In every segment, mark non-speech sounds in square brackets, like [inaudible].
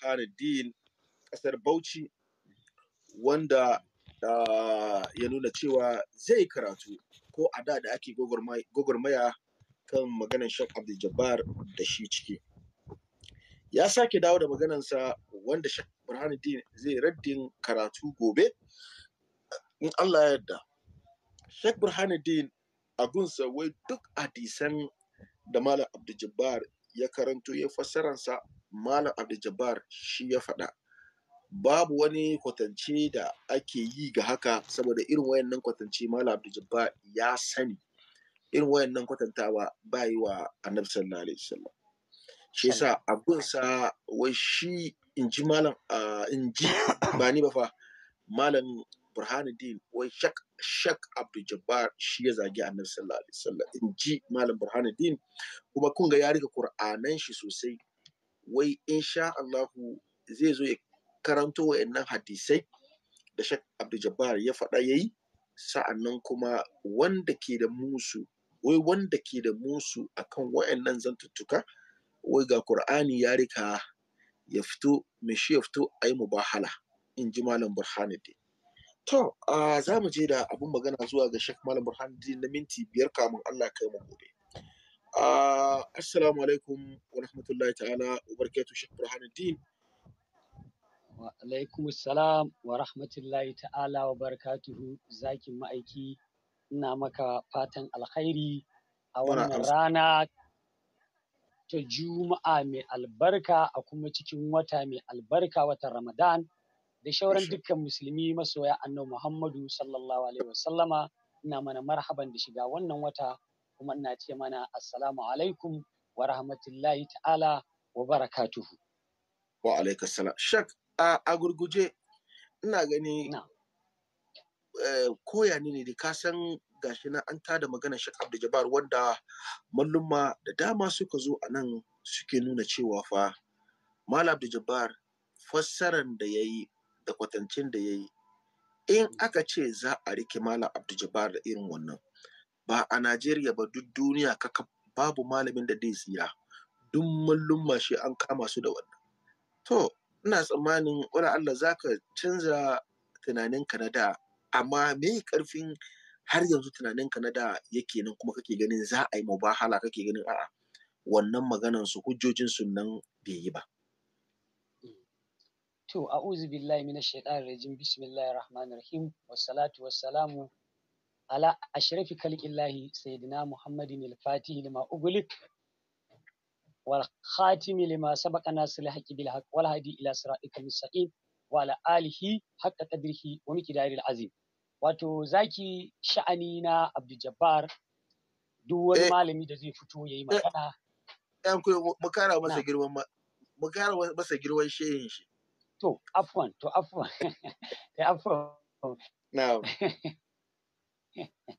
burhanuddin Ƙasar bauchi wanda ah, ya nuna cewa zai karatu ko a da da ake gwagwarmaya kan maganan Sheikh Abdul Jabbar da shi ciki. Ya sake dawo da maganansa wanda Sheikh Burhanuddin zai raddin karatu gobe in Allah ya yarda. Sheikh Burhanuddin a gunsa wai duk hadisan da Malam Abdul Jabbar ya karanto ya fassaransa malam abdul shi ya faɗa babu wani kwatance da ake yi ga haka saboda irin wayannan kwatance malam abdul ya sani irin wayannan kwatantawa ba yi wa annabi sallallahu alaihi wasallam shi yasa abun sa wai shi in ji malam in ji [coughs] ba ni ba fa malam burhanuddin wai shak shak abdul jabbar shi ya zagi annabi sallallahu alaihi wasallam in ji malam burhanuddin kuma kun ga ya rika qur'anan shi sosai wai insha Allahu zai zo ya karanto wa'annan hadisai da Sheikh Abdul ya faɗa ya yayi sa'annan kuma wanda ke da musu wai wanda ke da musu akan wa'annan zantuttuka wai ga Qur'ani ya rika ya fito mai shi ya fito ayi mubahala in ji Malam Burhanuddin to za mu je da abin magana zuwa ga shek Malam Burhanuddin na minti biyar kamun Allah kai mu gobe Uh, assalamu alaikum wa rahmatullahi ta'ala wa barakatuh Sheikh Burhanuddin. Wa alaikum salam wa rahmatullahi ta'ala wa barakatuhu zakin ma'aiki ina maka fatan alkhairi a wannan rana ta juma'a mai albarka a kuma cikin wata mai albarka watan Ramadan da shauran dukkan musulmi masoya annabi Muhammadu sallallahu alaihi wasallama ina mana marhaban da shiga wannan wata kuma ina ce mana assalamu alaikum wa rahmatullahi ta'ala wa barakatuhu. Wa alaikassalam. Shak a gurguje ina gani eh, koya ne ne ka san gashi na an tada magana Shak Abdul Jabbar wanda malluma da dama suka zo a nan suke nuna cewa fa Malam Abdul Jabbar fassaran da ya yi da kwatancin da ya yi in mm. aka ce za a rike Malam Abdul Jabbar da irin wannan ba a Najeriya ba duk duniya kaka babu malamin da zai tsira duk mallum shi an kama su da wannan to ina tsammanin wala Allah zaka canza tunaninka na da amma me karfin har yanzu tunaninka na da yake nan kuma kake ganin za a yi mubahala kake ganin a'a wannan maganan su hujjojin su nan bai yi ba To, a'udhu billahi minash shaitanir rajim, bismillahir rahmanir rahim, wassalatu wassalamu ala ashrafi khalqillahi sayyidina muhammadin al fatihi lima ugulik wal khatimi lima sabaka nasil haqqi bil haqq wal hadi ila siratikal mustaqim wa ala alihi haqqa qadrihi wa miki al-azim wato zaki sha'ani na abdul jabbar duk wani malami da zai fito yayi magana ɗan ku mu kara masa girman mu kara masa girman shehin shi to afwan to afwan to afwan na'am [laughs]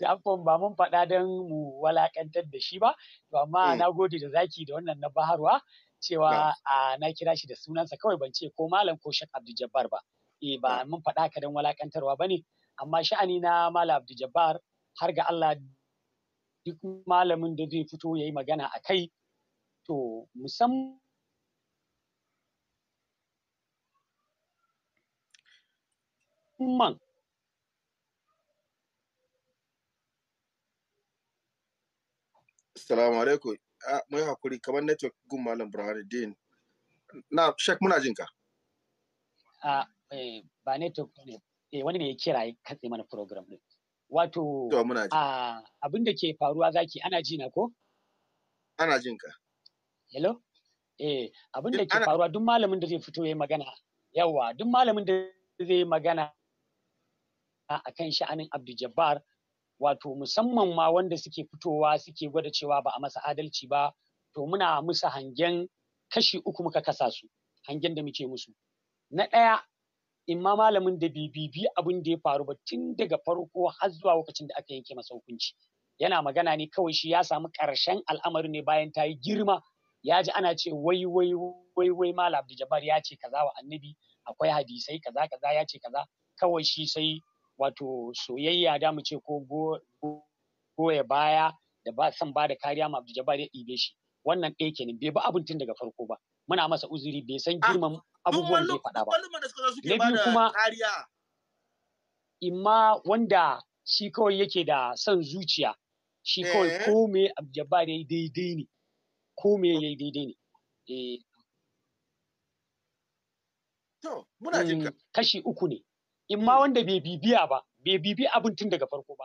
da afon ba mun faɗa don mu walakantar da shi ba to amma mm. na gode da zaki da wannan na baharwa cewa na kira shi da sunansa kawai ban ce ko malam ko shak abdu jabbar ba eh ba mm. mun faɗa ka don walakantarwa ba ne amma sha'ani na malam abdu jabbar har ga Allah duk malamin da zai fito ya yi magana a kai to musamman man Assalamu alaikum. Mai hakuri kamar network gun Malam Burhanuddin. Na, shek muna jinka. A eh, ba network ne, eh, wani ne ya kira ya katse mana program din. Wato, abin da ke faruwa zaki ana ji na ko? Ana jinka. Hello? Eh, abin da ke faruwa duk malamin da zai fito ya magana. Yawa, duk malamin da zai magana a kan sha'anin Abdul Jabbar wato musamman ma wanda suke fitowa suke gwada cewa ba a masa adalci ba to muna musu hangen kashi uku muka kasa su hangen da muke musu na ɗaya ma malamin da bai bibi abin da ya faru ba tun daga farko har zuwa lokacin da aka yanke masa hukunci yana magana ne kawai shi ya samu ƙarshen al'amarin ne bayan ta yi girma ya ji ana ce wai wai wai wai malam abdul ya ce kaza wa annabi akwai hadisai kaza kaza ya ce kaza kawai shi sai wato soyayya da mu ce ko goya baya da ba san ba da kariya ma Abdul Jabbar ya ɗibe shi wannan ɗaya kenan bai ba abin tun daga farko ba muna masa uzuri bai san ah, girman abubuwan da ya faɗa ba na biyu kuma imma wanda shi kawai yake da son zuciya shi kawai eh. ko me Abdul Jabbar ya yi daidai ne ko me ya yi daidai ne eh. mm, kashi uku ne in ma hmm. wanda bai bibiya ba bai bibi abin tun daga farko ba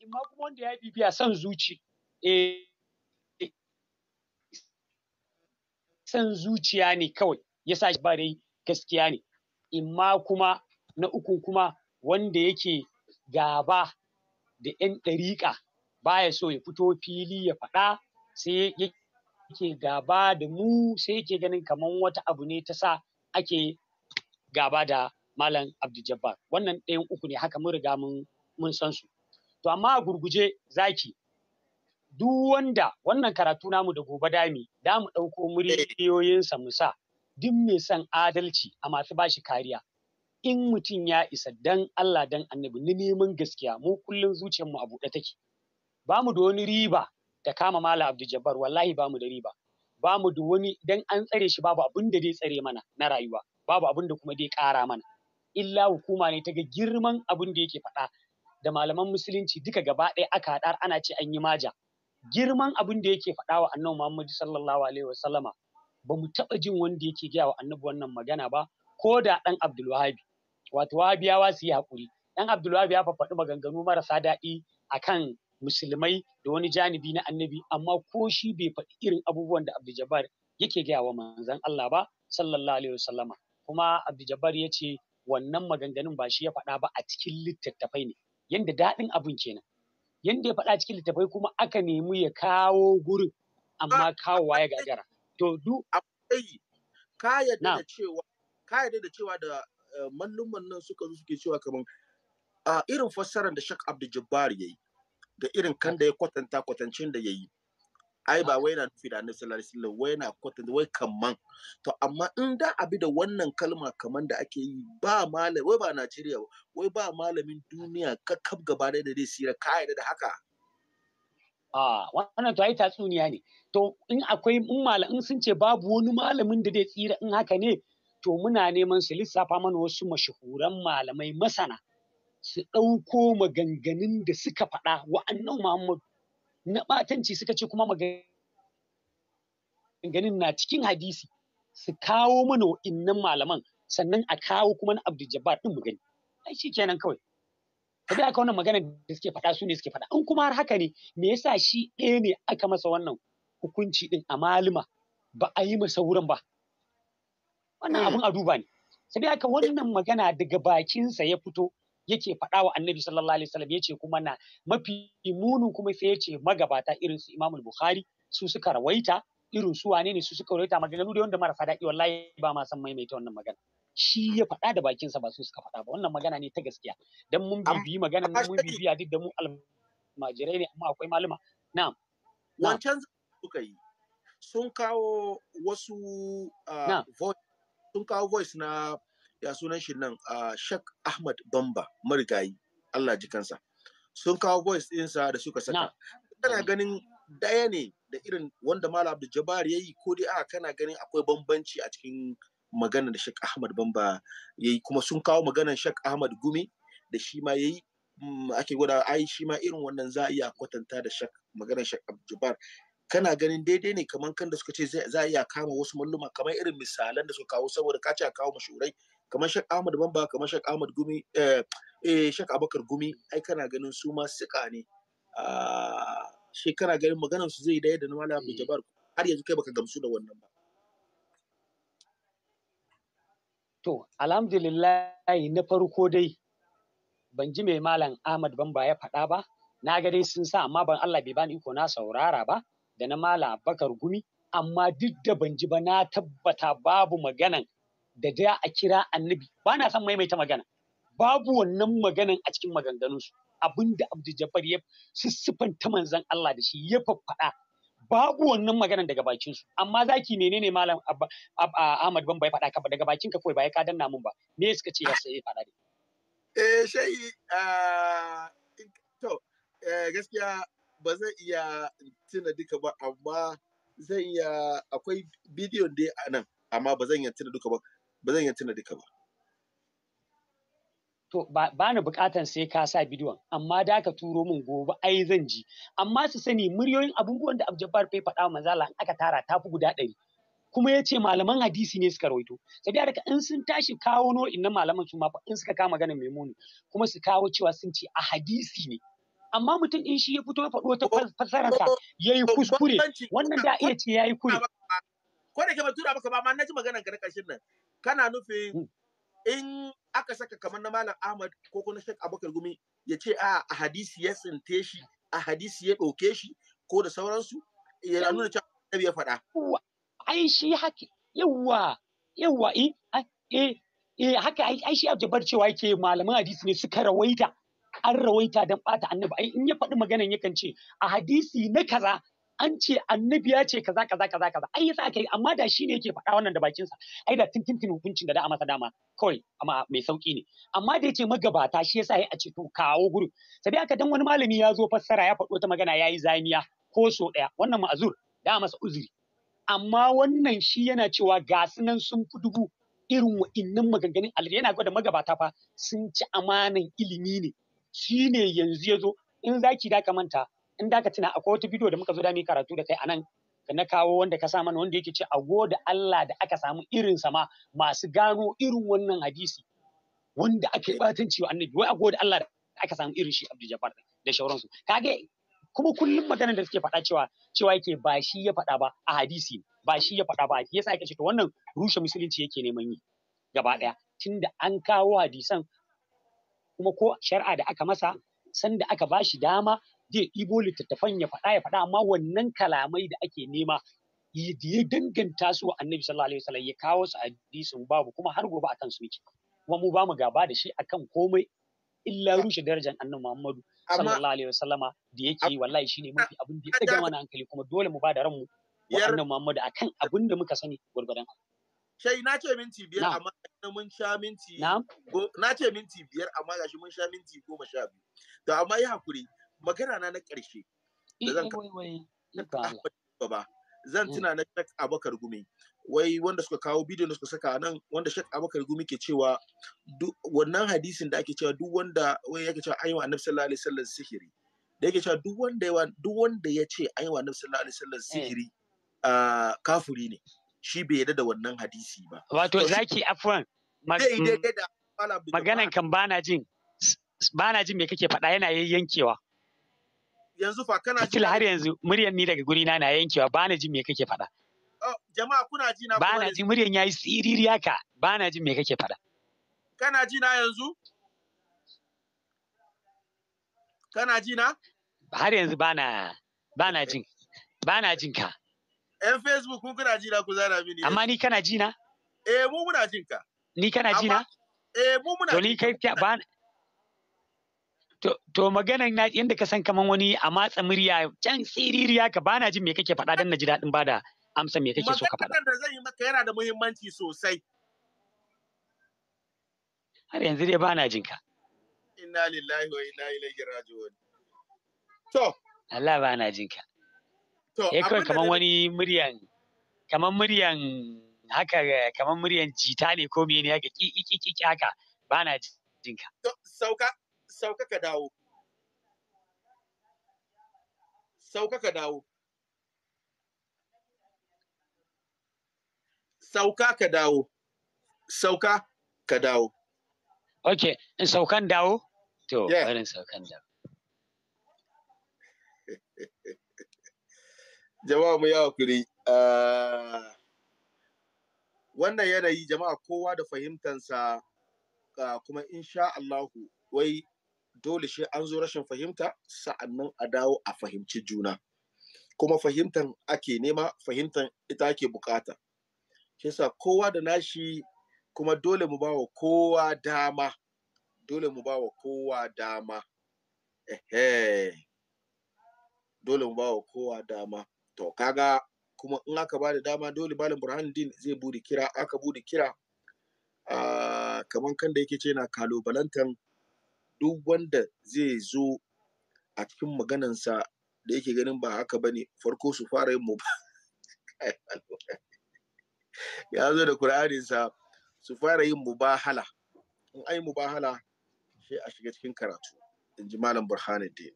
in ma kuma wanda ya bibiya son zuci eh, san zuciya ne kawai ya sa ba dai gaskiya ne in ma kuma na uku kuma wanda yake gaba da 'yan ɗariƙa baya so ya fito fili ya faɗa sai yake gaba da mu sai yake ganin kamar wata abu ne ta sa ake gaba da Malam Abdul Jabbar. Wannan ɗayan uku ne haka mun riga mun san su. To amma a gurguje zaki duk wanda wannan karatu namu da gobe dami da mu ɗauko muri sa mu sa duk mai son adalci a masu bashi kariya in mutum ya isa dan Allah dan annabi ni neman gaskiya mu kullum zuciyarmu a buɗe take ba mu da wani riba ta kama Malam Abdul Jabbar wallahi ba mu da riba ba mu da wani dan an tsare shi babu abin da zai tsare mana na rayuwa babu abin da kuma zai ƙara mana illa hukuma ne ta ga girman abin da yake faɗa da malaman musulunci duka gaba ɗaya aka haɗa, ana ce an yi maja girman abin da yake faɗa wa annabi Muhammad sallallahu alaihi wa sallama ba mu taɓa jin wanda yake gaya wa annabi wannan magana ba ko da ɗan Abdul Wahabi wato Wahabiyawa su yi hakuri, ɗan Abdul Wahabi ya faɗi maganganu marasa daɗi akan musulmai da wani janibi na annabi amma ko shi bai faɗi irin abubuwan da Abdul Jabbar yake gaya wa manzon Allah ba sallallahu alaihi wa sallama kuma Abdul Jabbar ya wannan maganganun ba shi ya faɗa ba a cikin littattafai ne yanda daɗin abun kenan yanda ya faɗa cikin littattafai kuma aka nemi ya kawo gurin amma ah, kawowa ya gagara to du ka yadda da cewa ka yadda da cewa da eh, malluman nan suka zo suke cewa kaman ah, irin fassarar da Sheikh Abdul Jabbar yayi da irin kan da ya kwatanta kwatancin da yayi ai ah. ba wai na nufi da annabi sallallahu alaihi wasallam wai na kwatanta wai kaman to amma in da abi da wannan kalma kaman da ake yi ba malami wai ba Najeriya wai ba malamin duniya kab gaba da da sai ka yarda da haka a wannan to ai tatsuniya ne to in akwai in malamin sun ce babu wani malamin da zai tsira in haka ne to muna neman su lissafa mana wasu mashahuran malamai masana su ɗauko maganganun da suka faɗa wa'annan Muhammadu na ɓatanci suka ce kuma maganganun na cikin hadisi su kawo mana wa'innan malaman sannan a kawo kuma na Abdul Jabbar din mu ai shi kenan kawai ka bi aka wannan magana da suke faɗa su ne suke faɗa in kuma har haka ne me yasa shi ɗaya ne aka masa wannan hukunci din a malima ba a yi masa wurin ba wannan hmm. abun a duba ne sabi haka wannan magana daga bakinsa ya fito yake faɗa wa annabi sallallahu alaihi wasallam yace kuma na mafi munu kuma sai yace magabata irin su Imam Bukhari su suka rawaita irin su wane ne su suka rawaita maganganu da wanda mara daɗi wallahi ba ma san maimaita wannan magana shi ya faɗa da bakinsa ba su suka faɗa ba wannan magana ne ta gaskiya dan mun bibiyi magana mun bibiya duk da mu almajirai ne amma akwai malama na'am wancan suka yi sun kawo wasu ah, sun kawo voice na ya sunan shi nan a shak Ahmad Bamba marigayi Allah ji kansa sun kawo voice ɗinsa da suka saka kana ganin daya ne da irin wanda Malam Abdul ya yi ko dai a kana ganin akwai bambanci a cikin magana da shak Ahmad Bamba yi kuma sun kawo maganar shak Ahmad Gumi da shi ma ya yi. Mm, ake gwada ai shi ma irin wannan za a iya kwatanta da shak maganar shak jabari kana ganin daidai ne kamar kan da suka ce za a iya kama wasu malluma kamar irin misalan da suka kawo saboda ka ce a kawo mashurai kamar shak ahmad bamba kamar shak ahmad gumi eh, eh shak abakar gumi ai kana ganin su ma suka ne ah, shi kana ganin maganar su zai daya da na malam abdul eh. jabbar har yanzu kai baka gamsu da wannan ba to alhamdulillah na farko dai ban ji mai malam ahmad bamba ya faɗa ba na ga dai sun sa amma ban Allah bai bani iko na saurara ba da na Malam Abakar gumi amma duk da ban ji ba na tabbata babu maganan da da a kira annabi ba na son maimaita magana babu wannan maganan a cikin maganganunsu su abinda abdu jabbar ya ta manzan Allah da shi ya faffada babu wannan maganan daga bakin su amma zaki menene malam Ahmad ban bai faɗa ka daga bakin ka kawai ba ya ka danna mun ba me suka ce ya sai faɗa dai eh shai ah, to eh, gaskiya ba zan iya tuna duka ba amma zan iya akwai bidiyon dai anan nan amma ba zan iya tuna duka ba ba zan yi tuna duka ba to ba ni bukatan sai ka sa bidiyon amma da ka turo min gobe ai zan ji amma su sani muryoyin abubuwan da Abjabbar fai faɗa manzala in aka tara ta fi guda ɗari kuma ya ce malaman hadisi ne suka rawaito saboda daga in sun tashi kawo no na malaman su ma in suka kama ganin maimuni kuma su kawo cewa sun ce a hadisi ne amma mutum in shi ya fito ya faɗo ta fassararsa ya yi kuskure wannan da iya ce ya yi kure ko da ke ban tura maka ba amma na ji maganar ka na ƙarshen nan kana nufin hmm. in aka saka kamar na malam ahmad ko kuma shek abubakar gumi ya ce a hadisi ya tsinte shi a hadisi ya ɗauke shi ko da sauransu ya nuna cewa annabi ya faɗa. ai shi yawwa yawa yawa eh, eh eh haka ai shi abjabar cewa yake malaman hadisi ne suka rawaita an rawaita don ɓata annabi ai in ya faɗi maganan yakan ce a hadisi na kaza an ce annabi ya ce kaza kaza kaza kaza ai yasa aka yi amma da shi ne yake faɗa wannan da bakin sa ai da tintintin hukuncin da da masa dama kawai amma mai sauki ne amma da yace magabata shi yasa ya a ce to kawo gurin sabi aka dan wani malami ya zo fassara ya faɗo ta magana yayi zamiya ko so ɗaya wannan ma'azur da masa uzuri amma wannan shi yana cewa ga nan sun fi dubu irin wa'innan maganganun alheri yana gwada magabata fa sun ci amanan ilimi ne shi ne yanzu ya zo in zaki da ka manta in da ka tuna akwai wata bidiyo da muka zo da mu karatu da kai anan na kawo wanda ka sa mana wanda yake ce ago da Allah da aka samu irin sama masu gano irin wannan hadisi wanda ake batanci wa annabi wai ago da Allah da aka samu irin shi Abdul Jabbar da shauransu kage kuma kullum maganar da suke faɗa cewa cewa yake ba shi ya faɗa ba a hadisi ba shi ya faɗa ba a yasa yake ce to wannan rushe musulunci yake neman yi gaba ɗaya tunda an kawo hadisan kuma ko shari'a da aka masa sanda aka ba shi dama zai ɗibo littattafan ya faɗa ya faɗa amma wannan kalamai da ake nema da ya danganta su wa annabi sallallahu alaihi wasallam ya kawo su hadisin babu kuma har gobe kan su yake kuma mu ba mu gaba da shi akan komai illa rushe darajar annabi Muhammadu sallallahu alaihi wasallama da yake yi wallahi shine mafi abin da ya daga mana hankali kuma dole mu ba da ranmu wa annabi Muhammadu akan abin da muka sani gurgurdan Shai na ce minti biyar amma mun sha minti na ce minti biyar amma gashi mun sha minti goma sha biyu to amma yi hakuri magana na na ƙarshe da eh, zan eh, ba zan mm. tuna na shek Abakar Gumi wai wanda suka kawo bidiyon da suka saka nan wanda shek Abakar Gumi ke cewa wannan hadisin da ake cewa duk wanda wai yake cewa ayyuka Annabi sallallahu alaihi wasallam sihiri da yake cewa duk wanda ya duk wanda ya ce ayyuka Annabi sallallahu alaihi wasallam eh. sihiri kafuri ne shi bai yarda da wannan hadisi ba wato zaki afwan mm, maganan kan bana jin bana jin me kake faɗa yana yayyankewa yanzu fa kana ji har yanzu muryar ni daga guri na na yankewa ba na jin me kake faɗa oh, jama'a kuna ji na ba na ji muryar yayi siriri haka ba na jin me kake faɗa kana ji na yanzu kana ji na har yanzu ba na ba na jin ba na jin ka yan facebook kun kuna ji na ku zara mini amma ni kana ji na eh mu muna jin ka ni kana ji na eh mu muna to ni kai ba To maganan na yadda ka san kaman wani a matsa murya can tsiririya ka bana jin me kake faɗa don na ji daɗin ba da amsa me kake so ka faɗa. Maganan da zan yi maka yana da muhimmanci sosai. Har yanzu dai bana jin ka. Inna lillahi wa inna ilaihi raji'un. To. Allah bana jin ka. To. Eh, abin da kaman wani muryan kaman muryan haka kaman muryan jita ne ko mene haka ki ki ki haka bana jin ka. To Sauka sauka ka dawo sauka ka dawo sauka ka dawo sauka ka dawo ok in saukan dawo to barin saukan dawo [laughs] jama'a mu yawa kuri ah, wannan yanayi jama'a kowa da fahimtansa ah, kuma insha Allahu wai dole shi an zo rashin fahimta sa'annan a dawo a fahimci juna kuma fahimtan ake nema fahimtan ita ake bukata shi yasa kowa da nashi kuma dole mu bawa kowa dama dole mu bawa kowa dama ehe dole mu bawa kowa dama to kaga kuma in aka ba da dama dole malam din zai bude kira aka bude kira ah, kamar kan da yake ce na kalubalantan duk wanda zai zo a cikin maganansa da yake ganin ba haka ba ne farko su fara yin mu ba [laughs] ya zo da kur'aninsa su fara yin mubahala in ai mubahala sai a shiga cikin karatu in ji malam burhanuddin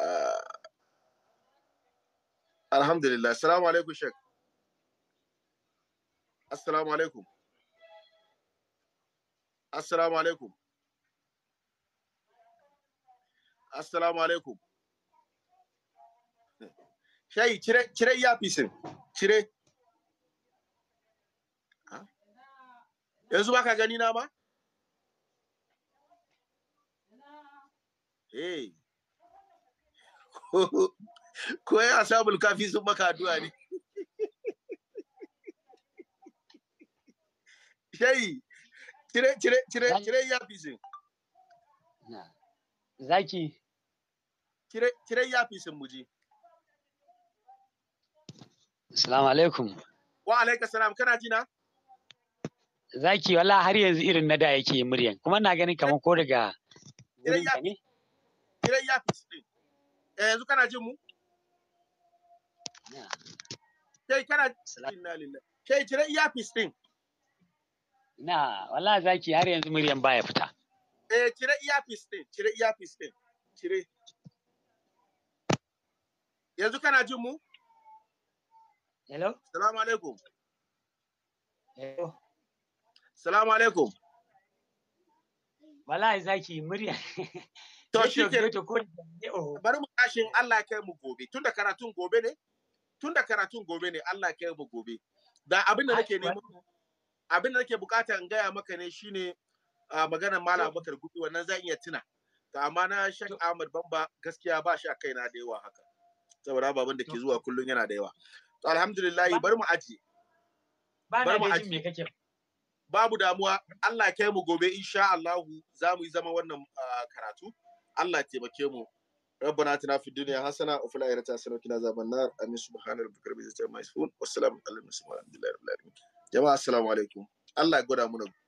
ah, alhamdulillah assalamu alaikum shek assalamu alaikum assalamu alaikum Assalamu alaikum. Shayi, cire, cire yafisin, cire. Yanzu baka gani na ba? Eh. [laughs] Ko ya sabul kafi sun maka addu'a ne. [laughs] Shayi, cire, cire, cire, cire Zaki. kire ya fi sun muji. Assalamu alaikum. Wa alaikum salam kana jina? Zaki wala har yanzu irin na da yake muryan kuma na ganin kamar ko daga wurin Kire ya fi sun. Eh, yanzu kana jin mu? Kai kana jin? lillahi. Kai kire ya fi sun. Na wala zaki har yanzu muryan baya fita. Eh kire iya fi sun, kire iya fi sun. Kire yanzu kana jin mu hello salamu alaikum hello salamu alaikum wallahi zaki murya to shi ke oh. bari mu kashin Allah kai mu gobe tunda karatun gobe ne tunda karatun gobe ne Allah kai mu gobe da abin da nake nemo abin da nake bukata in gaya maka ne shine magana malam Abubakar gudu wannan zan iya tuna to amma na Sheikh Ahmad Bamba gaskiya ba shi a kaina da yawa haka saboda baban da ke zuwa kullum yana da yawa to alhamdulillah bari mu aje bari mu aje babu damuwa Allah kai mu gobe insha Allah za mu yi zama wannan karatu Allah taimake mu ربنا اتنا في الدنيا حسنه وفي الاخره حسنه وقنا عذاب النار امين سبحان ربك رب العزه عما يصفون والسلام على المرسلين والحمد لله رب العالمين جماعه السلام عليكم الله يقدر